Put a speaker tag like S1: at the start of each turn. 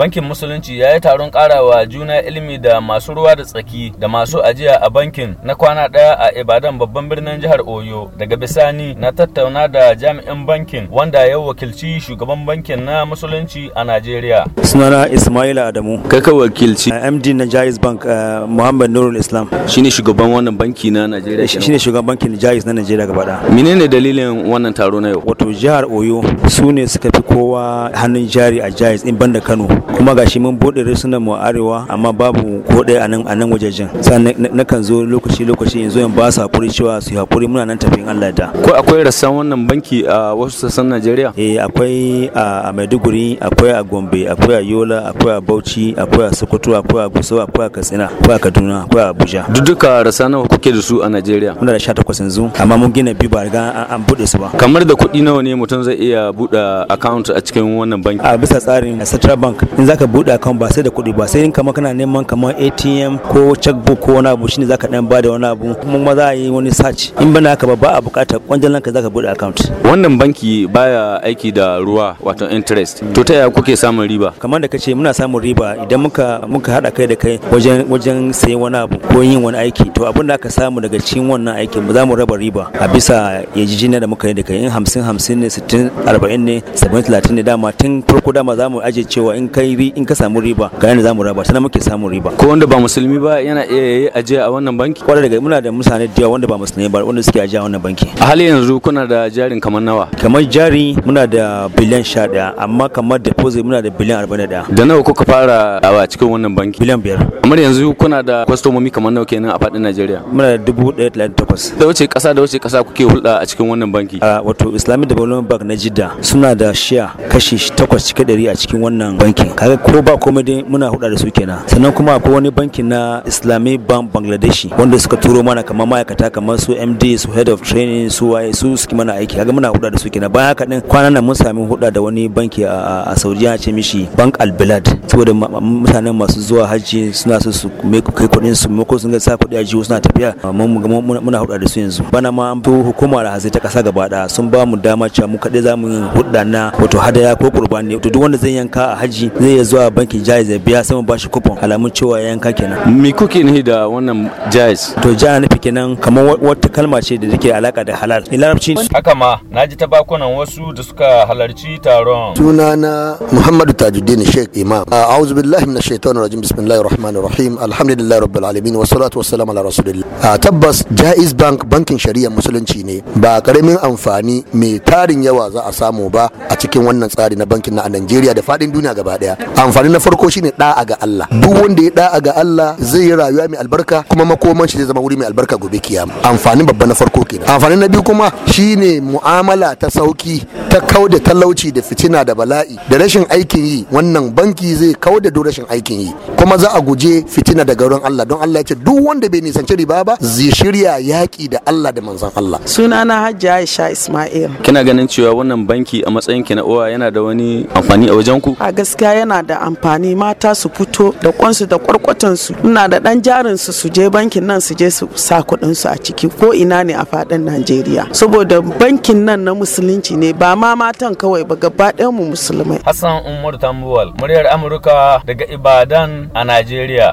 S1: bankin musulunci ya yi taron karawa juna ilimi da masu ruwa da tsaki da masu ajiya a bankin na kwana ɗaya a ibadan babban birnin jihar oyo daga bisani na tattauna da jami'in bankin wanda ya wakilci shugaban bankin na musulunci a najeriya sunana
S2: Isma'il adamu kai ka wakilci uh, md na jais bank uh, muhammad nurul islam shine shugaban wannan banki na najeriya shine shugaban bankin jais na najeriya gaba
S1: menene dalilin wannan
S2: taro na yau wato jihar oyo su ne suka fi kowa hannun jari a jais in banda kano kuma gashi mun bude risuna mu arewa amma babu ko a nan a nan wajejen sannan kan zo lokaci lokaci yanzu in ba su hakuri cewa su hakuri muna nan tafin Allah da
S1: ko akwai rassan wannan banki
S2: a wasu sassan Najeriya eh akwai a Maiduguri akwai a Gombe akwai a Yola akwai a Bauchi akwai a Sokoto akwai a Gusau akwai a Katsina akwai a Kaduna akwai a Abuja duka
S1: rassan nawa kuke da su a Najeriya
S2: muna da 18 yanzu amma mun gina bi ba riga an bude su ba
S1: kamar da kuɗi nawa ne mutum zai iya buɗe account account a cikin wannan banki a bisa tsarin central
S2: bank in zaka bude account ba sai da kuɗi ba sai in kamar kana neman kamar ATM ko checkbook ko wani abu shine zaka dan bada wani abu kuma ma za a yi wani search in ba naka ba ba a bukata kwanjalan ka zaka bude account
S1: wannan banki baya aiki da ruwa wato interest to ta yaya kuke samun riba kamar da kace
S2: muna samun riba idan muka muka hada kai da kai wajen wajen sayan wani abu ko yin wani aiki to abin da aka samu daga cikin wannan aikin mu za mu raba riba a bisa yajijina da muka yi da kai in 50 50 ne 60 40 ne 70 talatin ne dama tun farko dama za mu aje cewa in kai bi in ka samu riba ga yanda za mu raba sannan muke samun riba
S1: ko wanda ba musulmi ba yana iya yi aje a wannan
S2: banki kwarai daga muna da mutane da wanda ba musulmi ba wanda suke aje a wannan banki a
S1: hali yanzu kuna da jarin kamar
S2: nawa kamar jari muna da biliyan 11 amma kamar deposit muna da biliyan 41
S1: da nawa kuka fara a cikin wannan banki biliyan 5 amma yanzu kuna da kwastomomi kamar nawa kenan a faɗin najeriya muna da dubu da wace kasa da wace kasa kuke hulɗa a cikin wannan banki wato
S2: islamic development bank na jidda suna da share najeriya kashi takwas cikin ɗari a cikin wannan bankin kaga ko ba komai dai muna huda da su kenan sannan kuma akwai wani bankin na islamic bank bangladeshi wanda suka turo mana kamar ma'aikata kamar su md su head of training su waye su suke mana aiki kaga muna huda da su kenan bayan haka din kwanan nan mun sami huda da wani banki a saudiya ce mishi bank bilad saboda mutanen masu zuwa hajji suna so su kai kuɗin su mako sun ga sa kuɗi a jiwo suna tafiya muna huda da su yanzu bana ma an hukuma da hasi ta ƙasa gaba ɗaya sun ba mu dama cewa mu kaɗai za mu huɗa na wato hadaya ko kurbani, to duk wanda zai yanka a haji zai iya zuwa bankin jaiz ya biya sai mu bashi kupon alamun cewa ya yanka kenan
S1: me kuke ne da wannan jaiz
S2: to jana nufi kenan kamar wata kalma ce da take alaka da halal larabci haka ma
S1: naji ta bakunan wasu da suka halarci taron
S3: sunana muhammadu tajuddin sheikh imam a'udhu billahi minash shaitanir rajim bismillahir rahmanir rahim alhamdulillahi rabbil alamin was salatu was salam ala rasulillah A tabbas jaiz bank bankin shari'a musulunci ne ba karamin amfani mai tarin yawa za a samu ba a cikin cikin wannan tsari na bankin na a Najeriya da fadin duniya gaba daya. amfani na farko shine da'a ga Allah duk wanda ya da'a ga Allah zai yi rayuwa mai albarka kuma makoman shi zai zama wuri mai albarka gobe kiyama amfani babba na farko kenan amfani na biyu kuma shine mu'amala ta sauki ta kauda talauci da fitina da bala'i da rashin aikin yi wannan banki zai kauda da rashin aikin yi kuma za a guje fitina daga wurin Allah don Allah ya ce duk wanda bai nisanci riba ba zai shirya yaki da Allah da manzon Allah
S4: sunana Hajji Aisha Ismail
S3: kina
S1: ganin cewa wannan banki a matsayin ki na uwa yana da wani amfani a wajen ku
S4: a gaskiya yana da amfani mata su fito da kwansu da kwarkwatan su ina da dan jarin su su je bankin nan su je su sa kuɗin su a ciki ko ina ne a faɗin Najeriya saboda bankin nan na musulunci ne ba ma matan kawai ba gaba ɗayan mu musulmai
S1: Hassan Umar Tambuwal muryar Amurka daga Ibadan a Najeriya